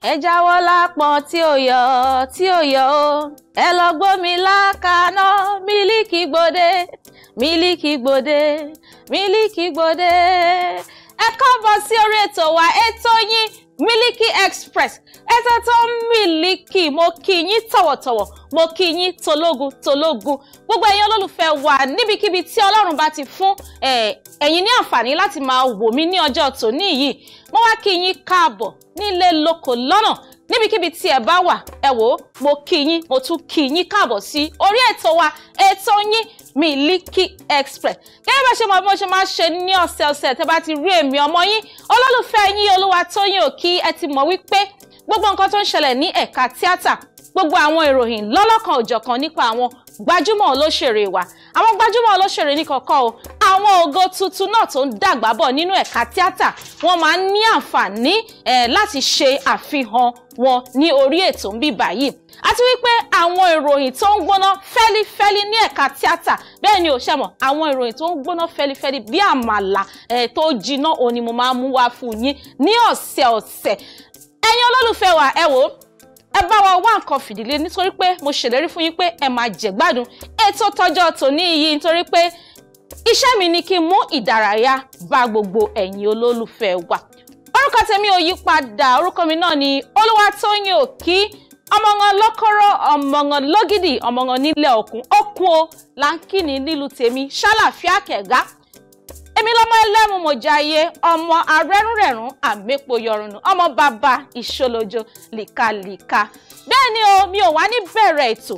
ẹ jáwọ́ lápọn tí ó yọ tí ó yọ ó ẹ lọ gbómi lákaná mílíkì gbòde mílíkì gbòde mílíkì gbòde ẹ káàbọ̀ sí orí ètò wa ètò yín Miliki Express ẹsẹ tó ń miliki mo kí yín tọ̀wọ̀tọ̀wọ̀ mo kí yín tológun tológun gbogbo ẹ̀yin olólùfẹ́ wa níbikíbi tí Ọlọ́run bá ti fún ẹ̀yin ní àǹfààní láti máa wò mí ní ọjọ́ tòní yìí mo wá kí yín káàbọ̀ nílé lóko lọ́nà níbikíbi tí ẹ bá wà ẹ wò ó mo kí yín mo tún kí yín káàbọ̀ sí orí ètò wa ètò yín Miliki Express gẹ́gẹ́ bá ṣe mọ bí mo ṣe máa ṣe ní ọ̀sẹ̀ọ̀sẹ̀ tẹ́ bá ti rí èmi ọmọ yín olólùfẹ́ yín Olúwatóyìn Òkí ẹ ti mọ̀ wípé gbogbo nǹkan tó ń ṣẹlẹ̀ ní ẹ̀ka tíátà gbogbo àwọn ìròyìn lọ́lọ́kan òjọ̀kan nípa àwọn gbajúmọ̀ olóṣèré wa àwọn gbajúmọ̀ olóṣèré ní kọ̀ọ̀kan o àwọn ògo tuntun náà tó ń dàgbà bọ̀ nínú ẹ̀ka tíátà wọ́n máa ń ní àǹfààní láti ṣe àfihàn wọn ní orí ètò ń bí báyìí àti wípé àwọn ìròyìn tó ń gbóná fẹ́lifẹ́li ní ẹ̀ka tíátà bẹ́ẹ̀ ni ò ṣàmọ̀ àwọn ìròyìn tó ń gbóná fẹ́lifẹ́li bí àmàlà tó jiná òní mo máa mú wá fún yín ní ọ̀sẹ̀ ọ̀sẹ̀ ẹ̀yin olólùfẹ́ wa ẹ wò ó ẹ bá wa wá nǹkan fìdílé nítorí pé mo ṣèlérí fún yín pé ẹ máa jẹ̀gbádùn ètò tọjọ́ tòní yìí nítorí pé iṣẹ́ mi ni kí n mú ìdárayá bá gbogbo ẹ̀yin olólùfẹ́ wa orúkọ tèmi ò yí padà orúkọ mi náà ni Olúwatóyìn Òkí ọmọngàn lọ́kọ́rọ́ ọmọngàn lọ́gìdì ọmọngàn nílẹ̀ òkun ó kún o là ń ni nílùú tèmi ṣàlàfíà kẹ̀gá èmi lọmọ ẹlẹ́mu mọ̀jáyé ọmọ arẹ́rùnrẹ̀rùn àmépo yọrùnù ọmọ bàbá ìṣolójo líkalíka bẹ́ẹ̀ ni o mi ò wá ní bẹ̀rẹ̀ ètò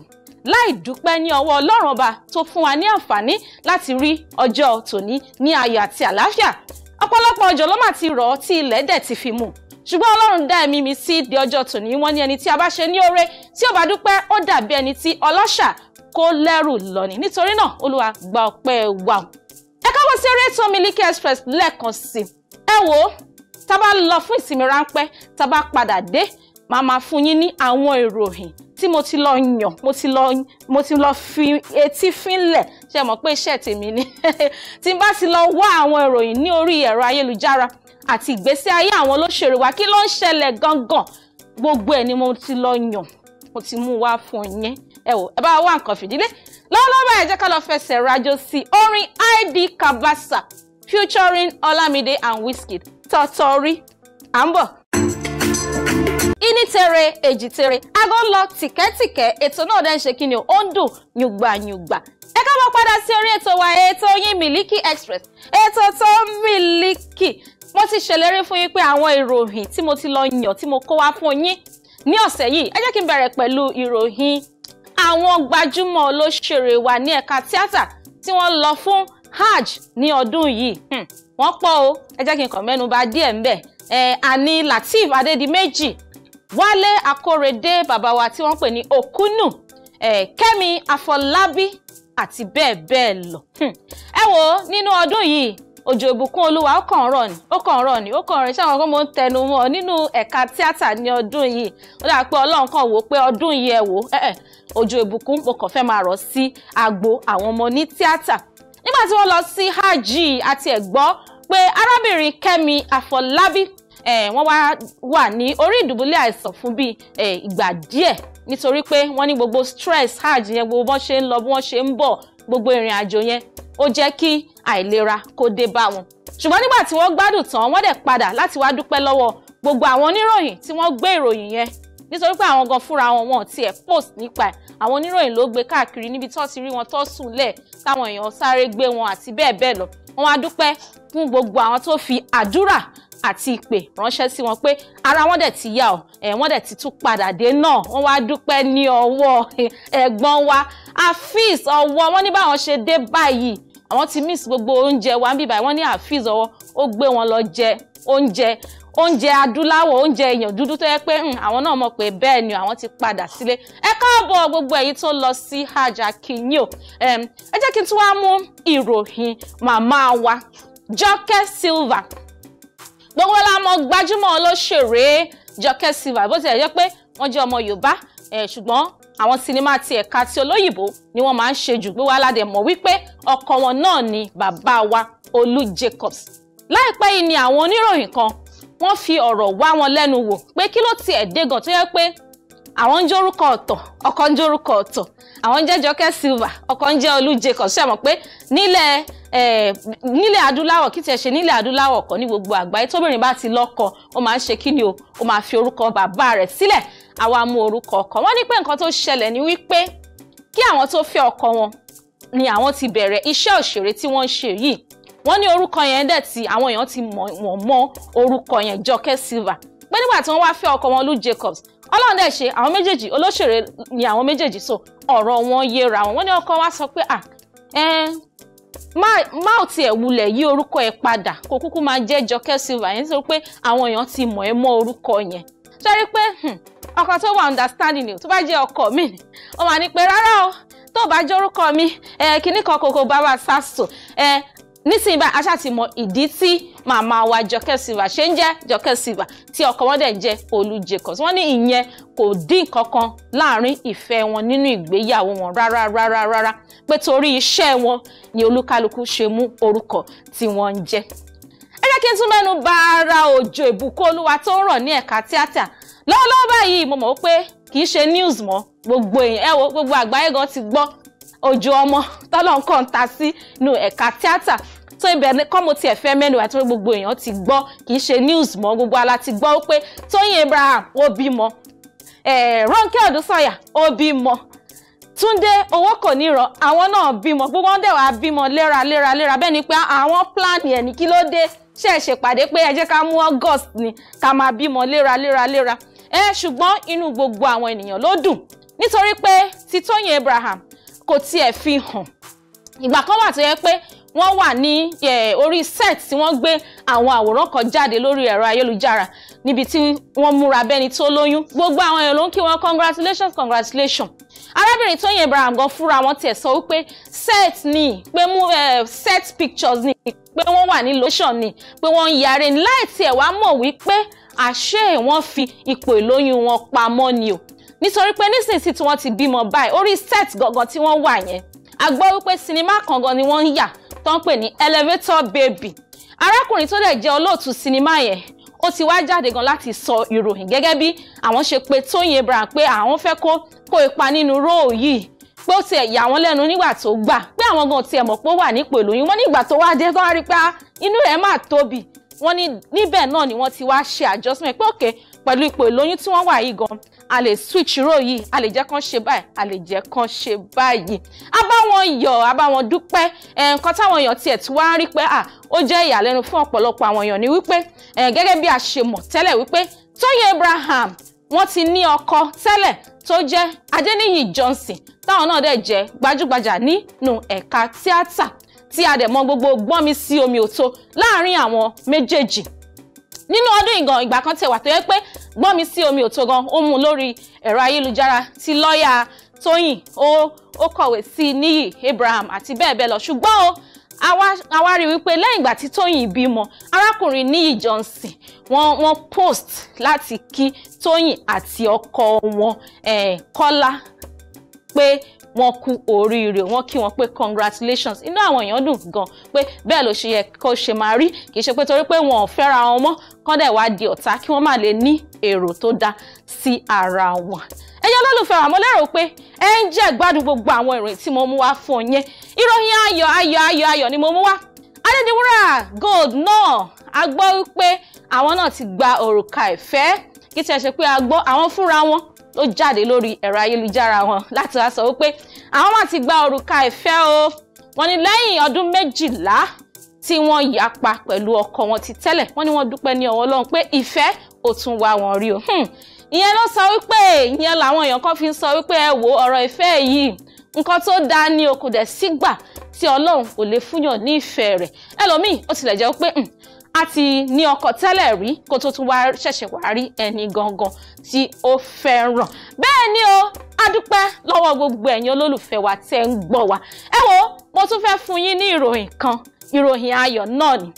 láì dúpẹ́ ní ọwọ́ ọlọ́run ọba tó fún wa ní àǹfààní láti rí ọjọ́ tòní ní ayọ̀ àti àlàáfíà ọ̀pọ̀lọpọ̀ ọjọ́ ló mà ti rọ̀ ọ́ tí ilẹ̀ dẹ̀ ti fi mú ṣùgbọ́n ọlọ́run dá ẹ̀mí mi sí di ọjọ́ tòní wọ́n ní ẹni tí a bá ṣe ní oore tí ó bá dúpẹ́ ó dàbí ẹni tí ọlọ́ṣà kó lẹ́rù lọ ni nítorí náà olúwa gba ọpẹ́ wa ẹ káwọ́ sí eré ètò Miliki Express lẹ́ẹ̀kan sí ẹ wò ó tá a bá lọ fún ìsinmi ráńpẹ́ tá a bá padà dé màá máa fún yín ní àwọn ìròyìn tí mo ti lọ yàn mo ti lọ mo ti lọ fi etí fínlẹ̀ ṣe mọ̀ pé iṣẹ́ tèmi ni tí n bá ti lọ wá àwọn ìròyìn ní orí ẹ̀rọ ayélujára àti ìgbésí ayé àwọn olóṣèré wa kí ló ń ṣẹlẹ̀ gangan gbogbo ẹ̀ ni mo ti lọ yàn mo ti mú wá fún yín ẹ wò ẹ bá wá nǹkan fìdílé lọ́lọ́bà ẹ jẹ́ ká lọ fẹsẹ̀ rájò sí orin id kabasa featuring olamide and wizkid tọ́tọ́rí à ń bọ̀. ìnítere èjìtere aago ń lọ tìkẹ́tìkẹ́ ètò náà dẹ́ ń ṣe kíni ó ń dùn yùgbàyùgbà ẹ ká bọ́ padà sí orí ètò wa ètò yín miliki express ètò tó miliki mo ti ṣèlérí fún yín pé àwọn ìròyìn tí mo ti lọ yàn tí mo kó wá fún yín ní ọ̀sẹ̀ yìí ẹ jẹ́ kí n bẹ̀rẹ̀ pẹ̀lú ìròyìn àwọn gbajúmọ̀ olóṣèré wa ní ẹ̀ka tíátà tí wọ́n lọ fún hajj ní ọdún yìí hmm, wọ́n pọ̀ o ẹ jẹ́ kí n kàn mẹ́nu bà díẹ̀ ńbẹ̀ àní Lateef Adédìméjì Wálé Akórèdé bàbá wa tí wọ́n pè ní Òkúnù Kẹ́mi Afọlábí àti bẹ́ẹ̀ bẹ́ẹ̀ lọ. Hmm, ẹ wo nínú ọdún yìí òjò ìbùkún olúwa ó kàn rọ̀ ni ó kàn rọ̀ ni ó kàn rìn sáwọn ọkàn mọ ń tẹnu mọ́ nínú ẹ̀ka tíátà ní ọdún yìí ó dà pé ọlọ́run kan wò ó pé ọdún yìí ẹ wò ó ojú ìbùkún mo kàn fẹ́ máa rọ̀ sí agbo àwọn ọmọ ní tíátà nígbà tí wọ́n lọ sí hajj àti ẹ̀gbọ́ pé arábìnrin Kẹ́mi Àfọlábí wọ́n wá wà ní orí ìdùbúlẹ̀ àìsàn fún bíi ìgbà díẹ̀ nítorí pé wọ́n ní gbogbo stress hajj yẹn gbogbo bọ́n ṣe ń lọ bí wọ́n ṣe ń bọ̀ gbogbo ìrìn àjò yẹn ó jẹ́ kí àìlera kó dé bá wọn ṣùgbọ́n nígbà tí wọ́n gbádùn tán wọ́n dẹ̀ padà láti wá dúpẹ́ lọ́wọ́ gbogbo àwọn oníròyìn tí wọ́n gbé ìròyìn yẹn nítorí pé àwọn gan fúnra wọn wọn tiẹ̀ post nípa ẹ̀ àwọn oníròyìn ló gbé káàkiri níbi tó ti rí wọn tó sùn lẹ̀ táwọn èèyàn sáré gbé wọn àti bẹ́ẹ̀ bẹ́ẹ̀ lọ wọn wá dúpẹ́ fún gbogbo àwọn tó fi àdúrà àti ìpè ránṣẹ́ sí wọn pé ara wọn dẹ̀ ti yá ọ ẹ̀ wọ́n dẹ̀ ti tún padà dé náà wọ́n wá dúpẹ́ ní ọwọ́ ẹ̀gbọ́n wa afis ọwọ́ wọn ní báwọn ṣe dé báyìí àwọn ti miss gbogbo oúnjẹ wa ń bíbá wọn ní afis ọwọ́ ó gbé wọn lọ jẹ oúnjẹ oúnjẹ adúláwọ̀ oúnjẹ èèyàn dúdú tó yẹ pé hmm, àwọn náà mọ̀ pé bẹ́ẹ̀ ni àwọn ti padà sílé ẹ káàbọ̀ gbogbo ẹ̀yin tó lọ sí hajj akinyo ẹ jẹ́ kí n tún wá mú ìròyìn màmá wa Jọkẹ́ Silver. gbogbo la mọ̀ gbajúmọ̀ olóṣèré Jọkẹ́ Silva bó tilẹ̀ jẹ́ pé wọ́n jẹ́ ọmọ Yorùbá ṣùgbọ́n àwọn sinimá ti ẹ̀ka ti olóyìnbó ni wọ́n máa ń ṣe jù gbé wa aládẹ mọ̀ wípé ọkọ wọn náà ni bàbá wa Olú Jacobs láìpẹ́ yìí ni àwọn oníròyìn kan wọ́n fi ọ̀rọ̀ wá wọn lẹ́nu wò pé kí ló tiẹ̀ dé gan tó yẹ pé àwọn ń jórúkọ ọ̀tọ̀ ọkọ ń jórúkọ ọ̀tọ̀ àwọn ń jẹ́ Jọkẹ́ Silva ọkọ ń jẹ́ Olú Jacobs ṣe mọ̀ pé nílẹ̀ adúláwọ̀ kí tiẹ̀ ṣe nílẹ̀ adúláwọ̀ kọ́ ní gbogbo àgbáyé tóbìnrin bá ti lọ́kọ ó máa ń ṣe kí ni o ó máa fi orúkọ bàbá rẹ̀ sílẹ̀ àwa mú orúkọ ọkọ wọn ní pé nǹkan tó ṣẹlẹ̀ ni wípé kí àwọn tó fẹ́ ọkọ wọn ni àwọn ti bẹ̀rẹ̀ iṣẹ́ òṣèré tí wọ́n ń ṣe yìí wọ́n ní orúkọ yẹn dẹ̀ tí àwọn èèyàn ti mọ̀ mọ́ orúkọ yẹn Jọkẹ́ Silva pé nígbà tí wọ́n wá fẹ́ ọkọ wọn Lu Jacobs ọlọ́run dẹ̀ ṣe àwọn méjèèjì olóṣèré ni àwọn méjèèjì so ọ̀rọ̀ wọn yéra wọn wọ́n ní ọkọ wa sọ pé à má ò tiẹ̀ wulẹ̀ yí orúkọ ẹ̀ padà kó kúkú máa jẹ́ Jọkẹ́ Silva yẹn nítorí pé àwọn èèyàn ti mọ̀ ẹ́ mọ́ orúkọ yẹn ṣe rí pé hmm, ọkọ tó wà understanding ni tó bá jẹ́ ọkọ mi ni ó máa ní pé rárá o tó bá jẹ́ orúkọ mi kìnnìkan kòkó bàbá sasso nísìnyí báyìí aṣáà ti mọ ìdí tí màmá wa Jọkẹ́ Silva ṣe ń jẹ́ Jọkẹ́ Silva tí ọkọ wọn dẹ̀ ń jẹ́ Olú Jacobs wọ́n ní ìyẹn kò dín kankan láàrin ìfẹ́ wọn nínú ìgbéyàwó wọn rárá rárá rárá pé torí iṣẹ́ wọn ni olúkálukú ṣe mú orúkọ tí wọ́n ń jẹ́. ẹ jẹ́ kí n tún mẹ́nu bà ara òjò ìbùkún olúwa tó ń rọ̀ ní ẹ̀ka tíátà lọ́wọ́lọ́wọ́ báyìí mo mọ̀ pé kì í ṣe news mọ́ gbogbo èèyàn ẹ wo gbogbo àgbáyé gan ti gbọ́ òjò ọmọ tọ́lọ̀ ń kàn ta sí nu ẹ̀ka tíátà tó ibẹ̀ ni kọ́ mo tiẹ̀ fẹ́ mẹ́nu àti gbogbo èèyàn ti gbọ́ kì í ṣe news mọ́ gbogbo ala ti gbọ́ pé Tóyìn Abraham ó bímọ Rónkẹ́ Ọdúsànyà ó bímọ Túndé owó kò níran àwọn náà bímọ gbogbo wọn dẹ̀ wá bímọ léraléra léra bẹ́ẹ̀ ni pé àwọn plan yẹn ní kí ló dé ṣe ṣèpàdé pé ẹ jẹ́ ká mú August ni ká máa bímọ léraléraléra ẹ ṣùgbọ́n inú gbogbo àwọn ènìyàn ló dùn nítorí pé ti Tóyìn Abraham kò tiẹ̀ fi hàn ìgbà kan wà tó yẹ pé wọ́n wà ní orí set tí wọ́n gbé àwọn àwòrán kan jáde lórí ẹ̀rọ ayélujára níbi tí wọ́n múra bẹ́ni tó lóyún gbogbo àwọn èèyàn ló ń kí wọn congratulations congratulations arábìnrin Tóyìn Abraham gan fúnra wọn tiẹ̀ sọ wípé set ni pé mú set pictures ni pé wọ́n wà ní lotion ni pé wọ́n ń yàrá ni láì tiẹ̀ wá mọ̀ wípé àṣé wọ́n fi ipò ìlóyún wọn pamọ́ ni o nítorí pé nísinsìnyí tí wọ́n ti bímọ báyìí orí set gangan tí wọ́n wà yẹn a gbọ́ wípé sinimá kangan ni wọ́n ń yà tó ń pè ní elevator baby arákùnrin tó dẹ̀ jẹ́ olóòtú sinimá yẹn ó ti wá jáde gan láti sọ ìròyìn gẹ́gẹ́ bí àwọn ṣe pé Tóyìn Abraham pé àwọn fẹ́ kó kó ipa nínú róò yìí pé ó tiẹ̀ yà wọ́n lẹ́nu nígbà tó gbà pé àwọn gan tiẹ̀ mọ̀ pé ó wà nípò ìlóyún wọ́n nígbà tó wá dé kó rí pé ah, inú rẹ̀ máa tóbi wọ́n ní níbẹ̀ náà ni wọ́n ti wá ṣe adjustment pé òkè pẹ̀lú ipò ìlóyún tí wọ́n wà yìí gan a lè switch ro yìí a lè jẹ́ kán ṣe báyìí a lè jẹ́ kán ṣe báyìí a bá wọn yọ̀ a bá wọn dúpẹ́ nǹkan táwọn èèyàn tiẹ̀ tí wọ́n á rí pé ó jẹ́ ìyàlẹ́nu fún ọ̀pọ̀lọpọ̀ àwọn èèyàn ni wípé gẹ́gẹ́ bí a ṣe mọ̀ tẹ́lẹ̀ wípé Tóyìn Abraham wọ́n ti ní ọkọ tẹ́lẹ̀ tó jẹ́ Adéníyì Johnson táwọn náà dẹ̀ jẹ́ gbajúgbajà nínú ẹ̀ka tíátà tí a dẹ̀ mọ̀ gbogbo gbọ́n mi sí omi òtó láàárín àwọn méjèèjì nínú ọdún ìgàn ìgbà kan tẹ̀ wà tó yẹ pé gbọ́n mi sí omi òtó gan ó mú lórí ẹ̀rọ ayélujára ti lọ́ọ̀yà Tóyìn ó ó kọ̀wé sí Níyì Abraham àti bẹ́ẹ̀ bẹ́ẹ̀ lọ ṣùgbọ́n o àwa rí wípé lẹ́yìn ìgbà tí Tóyìn bímọ arákùnrin Níyì Johnson wọ́n wọ́n post láti kí Tóyìn àti ọkọ wọn eh, Kọ́lá pé wọ́n kú oríire wọ́n kí wọn pé congratulations inú àwọn èèyàn dùn gan pé bẹ́ẹ̀ ló ṣe yẹ kó ṣe máa rí kì í ṣe pé torí pé wọn ò fẹ́ra wọn mọ́ kọ́ndẹ̀ wá di ọ̀tá kí wọ́n má lè ní èrò tó dáa sí ara wọn ẹ̀yin olólùfẹ́ wa mo lérò pé ẹ ń jẹ́ gbádùn gbogbo àwọn ìròyìn tí mo mú wá fún yẹn ìròyìn ayọ̀ ayọ̀ ayọ̀ ayọ̀ ni mo mú wá Adédìwúrà Gold náà a gbọ́ wípé àwọn náà ti gba òrùka ìfẹ́ kí tí ṣe pé a gbọ́ àwọn fúnra wọn ó jáde lórí ẹ̀rọ ayélujára wọn láti wá sọ wípé àwọn máa ti gba òrùka ìfẹ́ o wọ́n ní lẹ́yìn ọdún méjìlá tí wọ́n yapa pẹ̀lú ọkọ wọn ti tẹ́lẹ̀ wọ́n ní wọ́n dúpẹ́ ní ọwọ́ Ọlọ́run pé ìfẹ́ ò tún wá wọn rí o hmm. ìyẹn ló sọ wípé ìyẹn làwọn èèyàn kan fi ń sọ wípé ẹ wo ọ̀rọ̀ ìfẹ́ yìí nǹkan tó dáa ní okùn dẹ̀ sígbà tí Ọlọ́run kò lè fúnyàn ní ìfẹ́ rẹ̀ ẹlòmíì ó tilẹ̀ jẹ́ pé a ti ní ọkọ tẹ́lẹ̀ rí kó tó tún wá ṣẹ̀ṣẹ̀ wá rí ẹni gangan tí ó fẹ́ràn bẹ́ẹ̀ ni o adúpẹ́ lọ́wọ́ gbogbo ẹ̀yin olólùfẹ́ wa tẹ́ ń gbọ́ wa ẹ wo mo tún fẹ́ fún yín ní ìròyìn kan ìròyìn ayọ̀ náà ni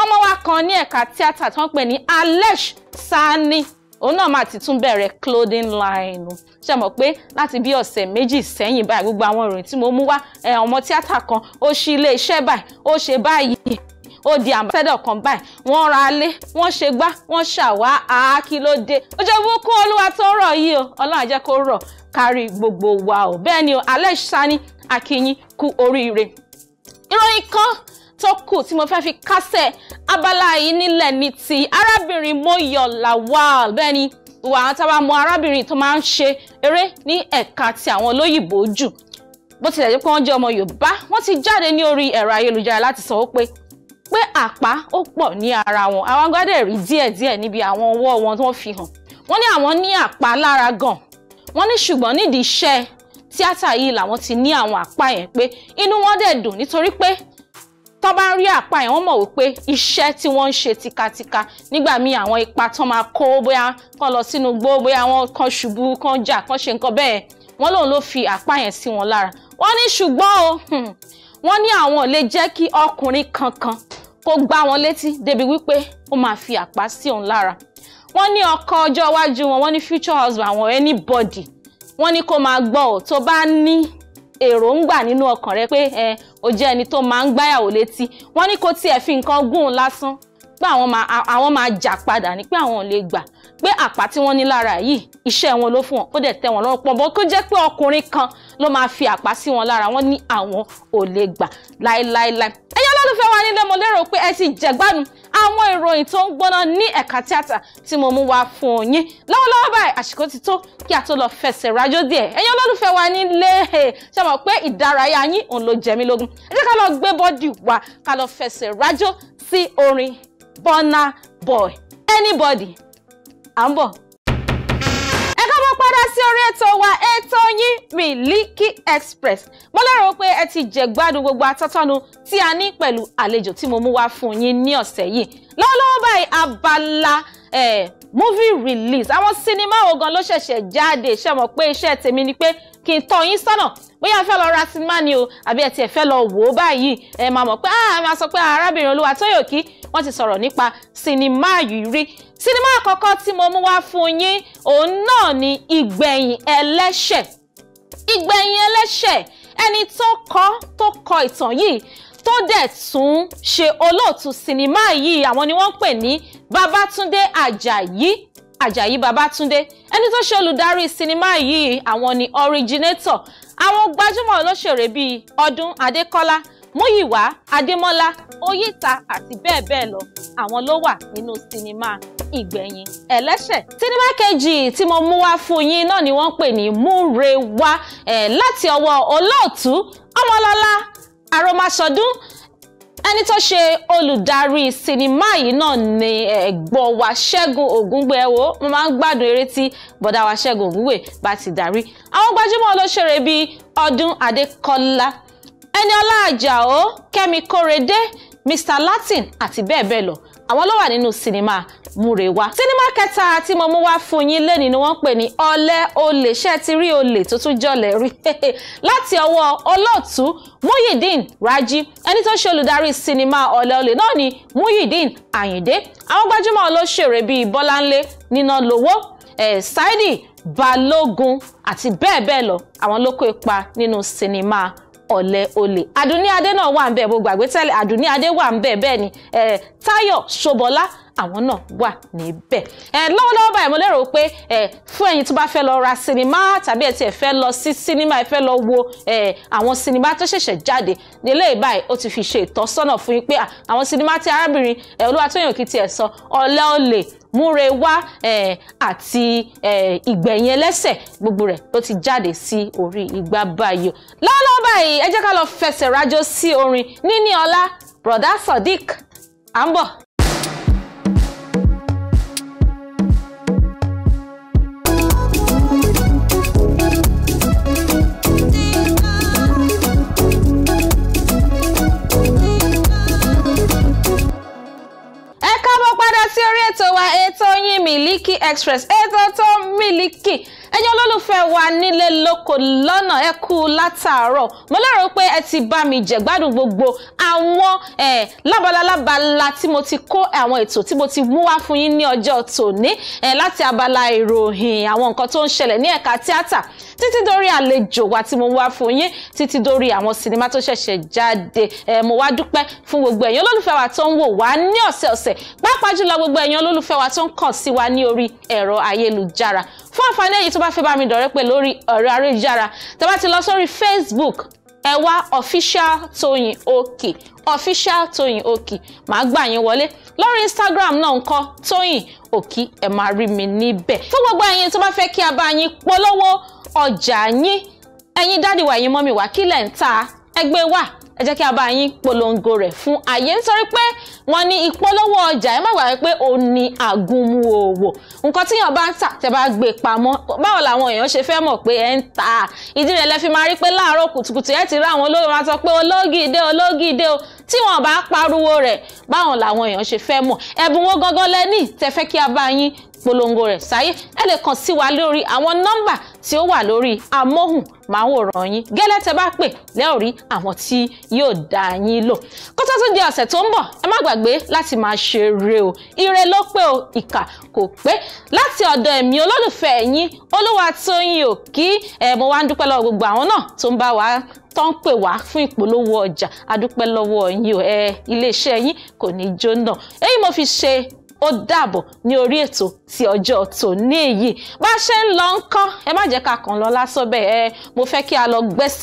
ọmọ wa kan ní ẹ̀ka tíátà tó ń pè ní Alesh Sani òun náà máa ti tún bẹ̀rẹ̀ clothing line o ṣe mọ̀ pé láti bí ọ̀sẹ̀ méjì sẹ́yìn báyìí gbogbo àwọn ìròyìn tí mo mú wá ọmọ tíátà kan ó ṣí ilé báyìí ó ṣe báyìí ó di ambassador kan báyìí wọ́n ra alé wọ́n ṣe gbá wọ́n ṣàwá àákílódé ó jẹ́ búkún olúwa tó rọ̀ yìí o ọlọ́run àjẹ́ kó rọ̀ kárí gbogbo wa o bẹ́ẹ̀ ni o Alex Sani akínyìn kú oríire ìròyìn kan tó kù tí mo fẹ́ fi kásẹ̀ abala yìí nílẹ̀ ní ti arábìnrin Moyo Lawal bẹ́ẹ̀ ni ìwà àwọn táwa mọ arábìnrin tó máa ń ṣe eré ní ẹ̀ka ti àwọn olóyìnbó jù bó tilẹ̀ jẹ́ pé wọ́n jẹ́ ọmọ Yorùbá wọ́n ti jáde ní orí ẹ̀rọ ayélujára láti sọ pé pé àpá ó pọ̀ ní ara wọn àwọn agbádẹ rí díẹ̀díẹ̀ níbi àwọn ọwọ́ wọn tí wọ́n fi hàn wọ́n ní àwọn ní àpá lára gan wọ́n ní ṣùgbọ́n nídìí iṣẹ́ tíátà yìí làwọn ti ní àwọn àpá yẹn pé inú wọn dẹ̀ dùn nítorí pé tó bá ń rí àpá yẹn wọ́n mọ̀ wípé iṣẹ́ tí wọ́n ń ṣe tikatika nígbà míì àwọn ipa tán máa kó bóyá kán lọ sínú gbó bóyá wọ́n kán ṣubú kán jà kán ṣe nǹkan bẹ́ẹ̀ wọ́n lòun ló fi àpá yẹn sí wọn lára wọ́n ní ṣùgbọ́n o hmm, wọ́n ní àwọn ò lè jẹ́ kí ọkùnrin kankan kó gbá wọn létí débi wípé ó máa fi àpá sí òun lára wọ́n ní ọkọ ọjọ́ iwájú wọn wọ́n ní future husband wọn anybody wọ́n ní kó máa gbọ́ ò tó bá ní èròǹgbà nínú ọkàn rẹ pé ẹ o jẹ́ ẹni tó máa ń gbáyàwó létí wọ́n ní kó tiẹ̀ fi nǹkan gún un lásán pé àwọn máa àwọn máa jà padà ni pé àwọn ò lè gbà pé àpá tí wọ́n ní lára yìí iṣẹ́ wọn ló fún wọn ó dẹ̀ tẹ́ wọn lọ́rùn pọ̀ bó kó jẹ́ pé ọkùnrin kan ló máa fi àpá sí wọn lára wọn ní àwọn ò lè gbà láéláéláé ẹ̀yọ́ lọ́lùfẹ́ wa nílé mo lérò pé ẹ ti jẹ̀gbádùn àwọn ìròyìn tó ń gbóná ní ẹ̀ka tíátà tí mo mú wá fún yín lọ́wọ́lọ́wọ́ báyìí àsìkò ti tó kí a tó lọ fẹsẹ̀ rájò díẹ̀ ẹ̀yọ́ lọ́lùfẹ́ wa nílé ṣe mọ̀ pé ìdárayá yín òun ló jẹ mí lógún ẹ jẹ́ ká lọ gbé bọ́dì wa ká lọ fẹsẹ̀ rájò sí orin Burna Boy anybody à ń bọ̀ padà sí orí ètò wa ètò yín Miliki Express mo lérò pé ẹ ti jẹ̀gbádùn gbogbo atọ́tọ́nu tí a ní pẹ̀lú àlejò tí mo mú wá fún yín ní ọ̀sẹ̀ yìí lọ́wọ́lọ́wọ́ báyìí abala eh, movie release àwọn sinimá wo gan ló ṣẹ̀ṣẹ̀ jáde ṣe mọ̀ pé iṣẹ́ tèmi ni pé kí n tọ́ yín sọ́nà bóyá fẹ́ lọ ra sinimá ni o àbí ẹ tiẹ̀ fẹ́ lọ wò ó báyìí ẹ máa mọ̀ pé a ah, máa sọ pé ah, arábìnrin Olúwatóyòkí wọ́n ti sọ̀rọ̀ nípa sinimá yìí rí sinimá àkọ́kọ́ tí mo mú wá fún yín òun náà ni ìgbẹ̀yìn ẹlẹ́ṣẹ̀ ìgbẹ̀yìn ẹlẹ́ṣẹ̀ ẹni tó kọ tó kọ ìtàn yìí tó dẹ̀ tún ṣe olóòtú sinimá yìí àwọn ni wọ́n ń pè ní Babátúndé Àjàyí Àjàyí Babátúndé ẹni tó ṣe olùdarí sinimá yìí àwọn ni originator àwọn gbajúmọ̀ olóṣèré bíi Ọdún Adékọ́lá Múyìwá Adémọ́lá Oyíta àti bẹ́ẹ̀ bẹ́ẹ̀ lọ àwọn ló wà nínú sinimá ìgbẹ̀yìn ẹlẹ́ṣẹ̀. sinimá kejì tí mo mú wá fún yín náà ni wọ́n pè ní Múrewá ẹ̀ láti ọwọ́ olóòtú Ọmọlọ́lá Arómasọdún ẹni tó ṣe olùdarí sinimá yìí náà ni eh, ẹ̀gbọ́n wa ṣẹ́gun ògúngbẹ ẹ̀wò mo máa ń gbádùn eré tí bọ̀dá wa ṣẹ́gun ògúngbẹ bá ti darí àwọn gbajúmọ̀ olóṣèré bíi ọdún adékọlá ẹniọlá àjàó kẹ́mi kórèdé mr latin àti bẹ́ẹ̀ bẹ́ẹ̀ lọ àwọn ló wà nínú sinimá múrewa sinimá kẹta tí mo mú wá fún yín lẹ́ni ni wọ́n pè ní ọ̀lẹ olè ṣe ti rí olè tó tún jọlẹ̀ rí láti ọwọ́ olóòtú Muyideen Raji ẹni tó ṣe olùdarí sinimá ọ̀lẹ olè náà ni Muyideen Ayinde àwọn gbajúmọ̀ olóṣèré bíi Bọ́láńlé Nínàlówó eh, Saidi Balógun àti bẹ́ẹ̀ bẹ́ẹ̀ lọ àwọn ló kó ipa nínú sinimá ọ̀lẹ olè àdùnní adé náà wà ń bẹ̀ mo gbàgbé tẹ́lẹ̀ àdùnní adé wà ń bẹ̀ bẹ́ẹ̀ ni táyọ̀ ṣọbọlá àwọn náà wà níbẹ̀. ẹ lọ́wọ́lọ́wọ́ báyìí mo lérò pé ẹ fún ẹ̀yin tó bá fẹ́ lọ ra sinimá tàbí ẹ tiẹ̀ fẹ́ lọ sí sinimá ẹ fẹ́ lọ wo ẹ àwọn sinimá tó ṣẹ̀ṣẹ̀ jáde nílé ìbáyìí ó ti fi ṣe ìtọ́sọ́nà fún yín pé àwọn sinimá tí arábìnrin ẹ Olúwatóyìn Òkìtì ẹ̀ sọ ọ̀lẹ́ ọ̀lẹ́ múre wá eh, àti ìgbẹ̀yìn eh, ẹlẹ́sẹ̀ gbogbo rẹ̀ ló ti jáde sí orí igbá báyìí lọ́wọ́lọ́wọ́ báyìí ẹ jẹ́ ká lọ fẹsẹ̀ rájò sí orin níní ọlá broda Sodiq à Miliki Express ètò tó Miliki ẹ̀yin olólùfẹ́ wa nílé lóko lọ́nà ẹ kú látàárọ̀ mo lérò pé ẹ ti bá mi jẹ̀gbádùn gbogbo àwọn lábalábala tí mo ti kó àwọn ètò tí mo ti mú wá fún yín ní ọjọ́ tòní láti abala ìròyìn àwọn nǹkan tó ń ṣẹlẹ̀ ní ẹ̀ka tíátà títí dórí àlejò wa tí mo wá fún yín títí dórí àwọn sinimá tó ṣẹ̀ṣẹ̀ jáde mo wá dúpẹ́ fún gbogbo ẹ̀yin olólùfẹ́ wa tó ń wò wá ní ọ̀sẹ̀ọ̀sẹ̀ pàápàá jùlọ gbogbo ẹ̀yin olólùfẹ́ wa tó ń kàn sí wa ní orí ẹ̀rọ ayélujára fún àǹfààní èyí tó bá fẹ́ bá mi dọ̀rẹ́ pẹ̀ lórí ọ̀rọ̀ ayélujára tẹ́ bá ti lọ sórí Facebook ẹ wá official Toyin Oki official Toyin Oki màá gbà yín wọlé lórí Instagram náà ń kọ́ Toyin Oki ẹ máa rí mi níbẹ̀ fún gbogbo ẹ̀yin tó bá fẹ́ kí a bá yín polówó ọjà yín ẹ̀yin dádìwà ẹ̀yin mọ́mìwà kílẹ̀ ń ta ẹgbẹ́ wà ẹ jẹ́ kí a bá yín polongo rẹ̀ fún ayé nítorí pé wọ́n ní ìpolówó ọjà ẹ má gbàgbé pé ó ní àgúnmu òwò nǹkan tíyàn bá ń tà tẹ́ bá gbé pamọ́ báwo làwọn èèyàn ṣe fẹ́ mọ̀ pé ẹ ń tà ìdí rẹ̀ lẹ fi máa rí pé láàárọ̀ kùtùkùtù ẹ ti rí àwọn olóyè máa sọ pé ológìdé ológìdé o tí wọn bá pariwo rẹ̀ báwọn làwọn èèyàn ṣe fẹ́ mọ̀ ẹ̀bùn wo gangan lẹ ní tẹ́ fẹ́ kí a bá yín polongo rẹ̀ sáyé ẹ lè kàn sí wa lórí àwọn nọ́mbà tí ó wà lórí amóhùnmáwòrán yín gẹ́lẹ́ tẹ́ bá pè lẹ́ọ̀ rí àwọn tí yóò dá yín lò kó tó tún di ọ̀sẹ̀ tó ń bọ̀ ẹ má gbàgbé láti máa ṣe re o ire ló pé o ìkà kò pé láti ọ̀dọ̀ ẹ̀mí olólùfẹ́ yín Olúwatóyìn ò kí ẹ̀ mo wá ń dúpẹ́ lọ́wọ́ gbogbo àwọn náà tó ń bá wa tó ń pè wá fún ìpolówó ọjà adúpẹ́ lọ́wọ́ yín o ẹ iléeṣẹ́ yín kò ní jóná èyí mo fi ṣe ó dàbọ̀ ní orí ètò ti ọjọ́ tòní èyí bá ṣe ń lọ ńkọ́ ẹ má jẹ́ ká kàn lọ lásán bẹ́ẹ̀ mo fẹ́ kí a lọ gbẹ́sẹ̀.